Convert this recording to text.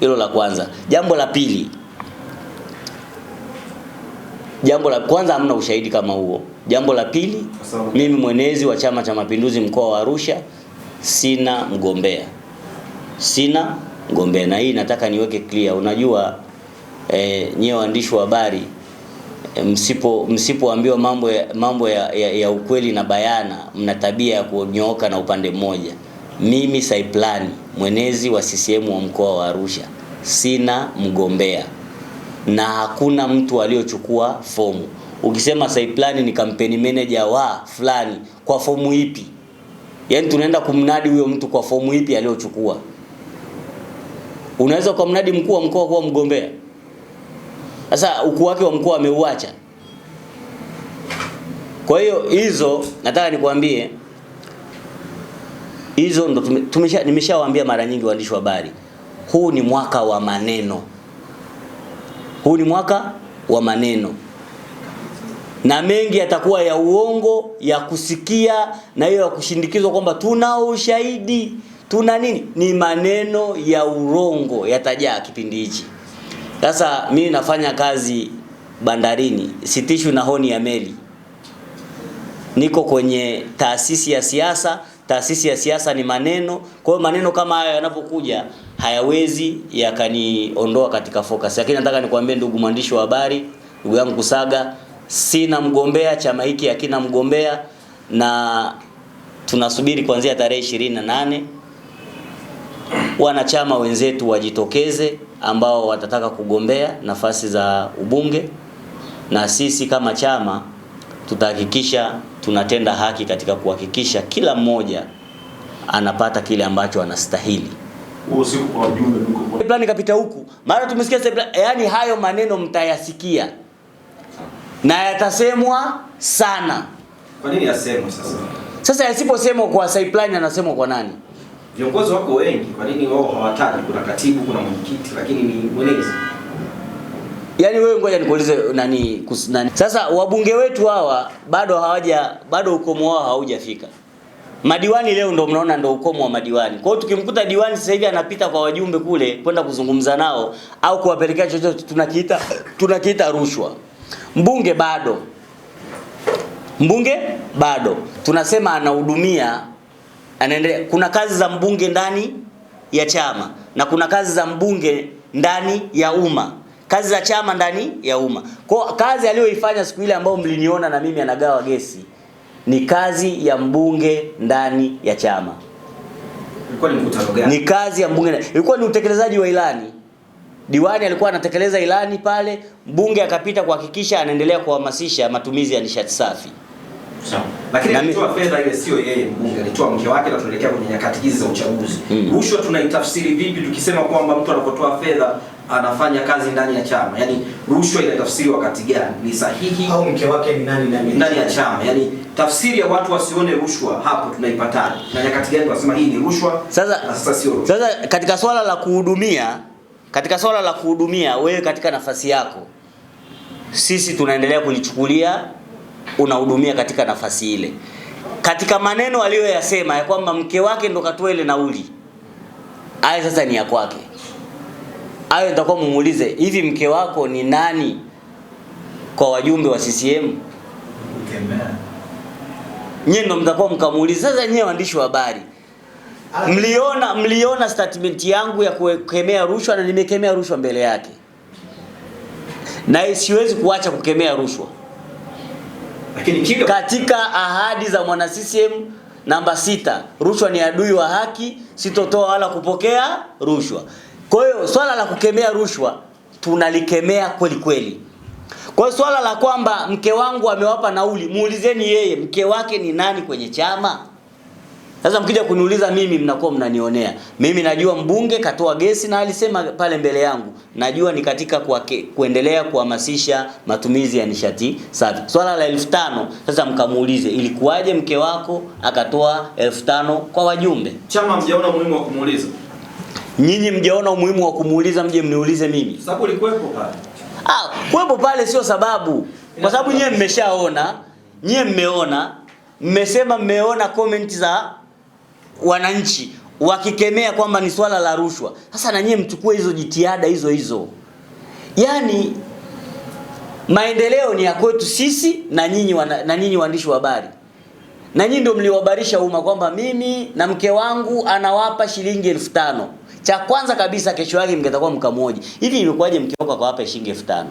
Hilo la kwanza. Jambo la pili, jambo la kwanza, hamna ushahidi kama huo. Jambo la pili, mimi mwenezi wa Chama cha Mapinduzi mkoa wa Arusha sina mgombea, sina mgombea, na hii nataka niweke clear. Unajua e, eh, nyewe waandishi wa habari eh, msipo msipoambiwa mambo, ya, mambo ya, ya, ya ukweli na bayana, mna tabia ya kunyooka na upande mmoja. Mimi Saiplani mwenezi wa CCM wa mkoa wa Arusha sina mgombea na hakuna mtu aliyochukua fomu. Ukisema Saiplani ni kampeni manager wa fulani, kwa fomu ipi? Yaani tunaenda kumnadi huyo mtu kwa fomu ipi aliyochukua? Unaweza ukamnadi mkuu wa mkoa kuwa mgombea? Sasa ukuu wake wa mkoa ameuacha. Kwa hiyo hizo nataka nikwambie Hizo ndo tumesha, nimeshawaambia mara nyingi waandishi wa habari, huu ni mwaka wa maneno, huu ni mwaka wa maneno na mengi yatakuwa ya uongo ya kusikia na hiyo ya kushindikizwa, kwamba tuna ushahidi tuna nini. Ni maneno ya urongo yatajaa kipindi hichi. Sasa mimi nafanya kazi bandarini, sitishwi na honi ya meli, niko kwenye taasisi ya siasa taasisi ya siasa ni maneno. Kwa hiyo maneno kama hayo yanapokuja hayawezi yakaniondoa katika focus, lakini nataka nikwambie ndugu mwandishi wa habari, ndugu yangu Kusaga, sina mgombea, chama hiki hakina mgombea, na tunasubiri kuanzia tarehe nane wanachama wenzetu wajitokeze ambao watataka kugombea nafasi za ubunge, na sisi kama chama tutahakikisha tunatenda haki katika kuhakikisha kila mmoja anapata kile ambacho anastahili. Plani kapita huku, mara tumesikia, yani yaani hayo maneno mtayasikia na yatasemwa sana. Kwa nini yasemwe sasa? Sasa yasiposemwa kwa saiplani, anasemwa kwa nani? Viongozi wako wengi, kwa nini wao hawataji? Kuna katibu, kuna mwenyekiti, lakini ni mwenezi Yaani wewe ngoja nikuulize nani, nani. Sasa wabunge wetu hawa bado hawaja bado ukomo wao haujafika. Madiwani leo ndo mnaona ndo ukomo wa madiwani. Kwa hiyo tukimkuta diwani sasa hivi anapita kwa wajumbe kule kwenda kuzungumza nao au kuwapelekea chochote tunakiita tunakiita rushwa. Mbunge bado. Mbunge bado. Tunasema anahudumia anaendelea. Kuna kazi za mbunge ndani ya chama na kuna kazi za mbunge ndani ya umma kazi za chama ndani ya umma. Kwa kazi aliyoifanya siku ile ambayo mliniona na mimi anagawa gesi ni kazi ya mbunge ndani ya chama. Ilikuwa ni mkutano gani? Ni kazi ya mbunge. Ilikuwa ni utekelezaji wa ilani. Diwani alikuwa anatekeleza ilani pale, mbunge akapita kuhakikisha anaendelea kuhamasisha matumizi ya nishati safi. Sawa. Lakini alitoa fedha ile sio yeye mbunge, alitoa mke wake na tunaelekea kwenye nyakati hizi za uchaguzi. Mm. Rushwa tunaitafsiri vipi tukisema kwamba mtu anapotoa fedha anafanya kazi ndani ya chama? Yaani rushwa inatafsiriwa wakati gani? Ni sahihi au mke wake ni nani ndani ndani ya chama? Yaani tafsiri ya watu wasione rushwa hapo tunaipatana. Na nyakati gani tunasema hii ni rushwa? Sasa na sasa sio rushwa. Sasa katika swala la kuhudumia, katika swala la kuhudumia wewe katika nafasi yako sisi tunaendelea kulichukulia unahudumia katika nafasi ile. Katika maneno aliyoyasema ya kwamba mke wake ndo katoa ile nauli, ayo sasa ni ya kwake. Ayo nitakuwa mumuulize, hivi mke wako ni nani kwa wajumbe wa CCM? Nyie ndo mtakuwa mkamuuliza. Sasa nyie waandishi wa habari mliona, mliona statement yangu ya kukemea rushwa na nimekemea rushwa mbele yake, na siwezi kuacha kukemea rushwa. Lakini katika ahadi za mwana CCM namba sita, rushwa ni adui wa haki, sitotoa wala kupokea rushwa. Kwa hiyo swala la kukemea rushwa tunalikemea kweli kweli. Kwa hiyo swala la kwamba mke wangu amewapa nauli, muulizeni yeye mke wake ni nani kwenye chama? Sasa mkija kuniuliza mimi mnakuwa mnanionea. Mimi najua mbunge katoa gesi na alisema pale mbele yangu. Najua ni katika kwa ke, kuendelea kuhamasisha matumizi ya nishati safi. Swala la elfu tano sasa mkamuulize ilikuwaje mke wako akatoa elfu tano kwa wajumbe? Chama mjaona umuhimu wa kumuuliza. Nyinyi mjaona umuhimu wa kumuuliza mje mniulize mimi. Sababu ulikuwepo pale. Ah, kuwepo pale sio sababu. Kwa sababu nyie mmeshaona, nyie mmeona, mmesema mmeona comment za wananchi wakikemea kwamba ni swala la rushwa. Sasa na nyie mchukue hizo jitihada hizo hizo, yaani maendeleo ni ya kwetu sisi na nyinyi na nyinyi waandishi wa habari na nyinyi ndio mliwahabarisha umma kwamba mimi na mke wangu anawapa shilingi elfu tano cha kwanza kabisa, kesho yake mkatakuwa mkamoja hivi, imekuwaje mke wako akawapa shilingi elfu tano?